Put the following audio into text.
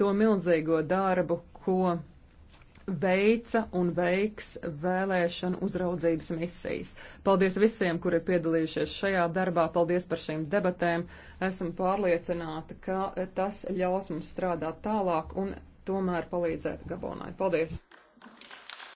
to milzīgo darbu, ko veica un veiks vēlēšanu uzraudzības misijas. Paldies visiem, kuri ir piedalījušies šajā darbā, paldies par šīm debatēm. Esmu pārliecināta, ka tas ļaus mums strādāt tālāk un tomēr palīdzēt Gabonai. Paldies!